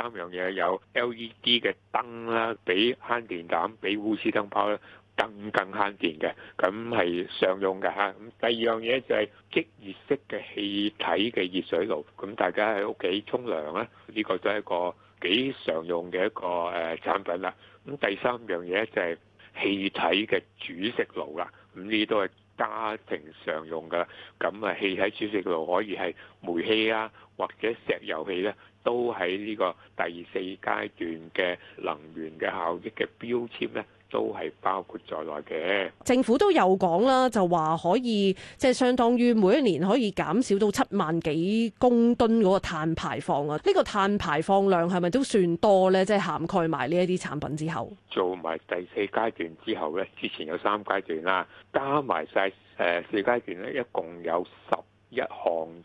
三樣嘢有 LED 嘅燈啦，比慳電膽、比烏絲燈泡咧更更慳電嘅，咁係常用嘅嚇。咁第二樣嘢就係即熱式嘅氣體嘅熱水爐，咁大家喺屋企沖涼咧，呢、呢個都係一個幾常用嘅一個誒產品啦。咁第三樣嘢就係氣體嘅煮食爐啦，咁呢都係。家庭常用嘅咁啊，氣體煮食爐可以係煤氣啊，或者石油氣呢，都喺呢個第四階段嘅能源嘅效益嘅標籤呢。都係包括在內嘅。政府都有講啦，就話可以即係相當於每一年可以減少到七萬幾公噸嗰個碳排放啊。呢個碳排放量係咪都算多呢？即係涵蓋埋呢一啲產品之後，做埋第四階段之後呢，之前有三階段啦，加埋晒誒四階段呢，一共有十一項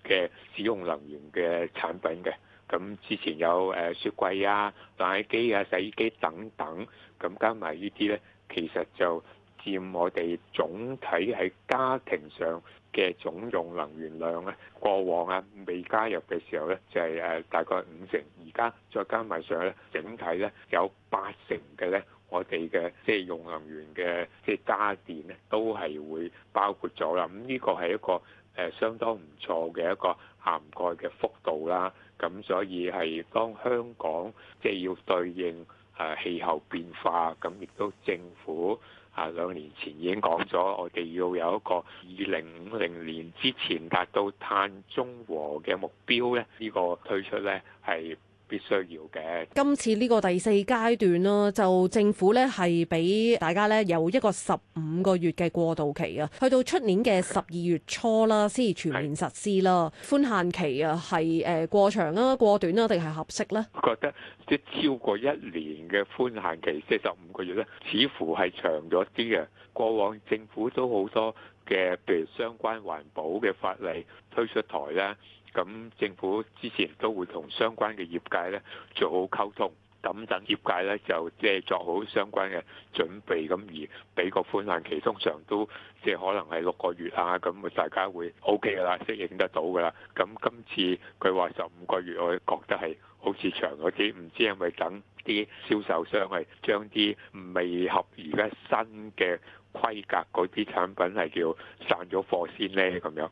嘅使用能源嘅產品嘅。咁之前有誒雪櫃啊、冷氣機啊、洗衣機等等，咁加埋呢啲呢，其實就佔我哋總體喺家庭上嘅總用能源量咧，過往啊未加入嘅時候呢，就係誒大概五成，而家再加埋上咧，整體呢，有八成嘅呢。我哋嘅即係用能源嘅即係家電咧，都係會包括咗啦。咁呢個係一個誒相當唔錯嘅一個涵蓋嘅幅度啦。咁所以係當香港即係要對應誒氣候變化，咁亦都政府啊兩年前已經講咗，我哋要有一個二零五零年之前達到碳中和嘅目標咧。呢個推出咧係。必須要嘅。今次呢個第四階段啦，就政府呢係俾大家呢有一個十五個月嘅過渡期啊，去到出年嘅十二月初啦，先至全面實施啦。寬限期啊，係誒過長啊、過短啊，定係合適呢？我覺得即超過一年嘅寬限期，即十五個月呢，似乎係長咗啲嘅。過往政府都好多。嘅，譬如相關環保嘅法例推出台咧，咁政府之前都會同相關嘅業界呢做好溝通，咁等等業界呢就即係做好相關嘅準備，咁而俾個寬限期，通常都即係可能係六個月啊，咁大家會 OK 噶啦，適應得到噶啦。咁今次佢話十五個月，我覺得係好似長咗啲，唔知係咪等啲銷售商係將啲未合而家新嘅。規格嗰啲產品係叫散咗貨先呢，咁樣。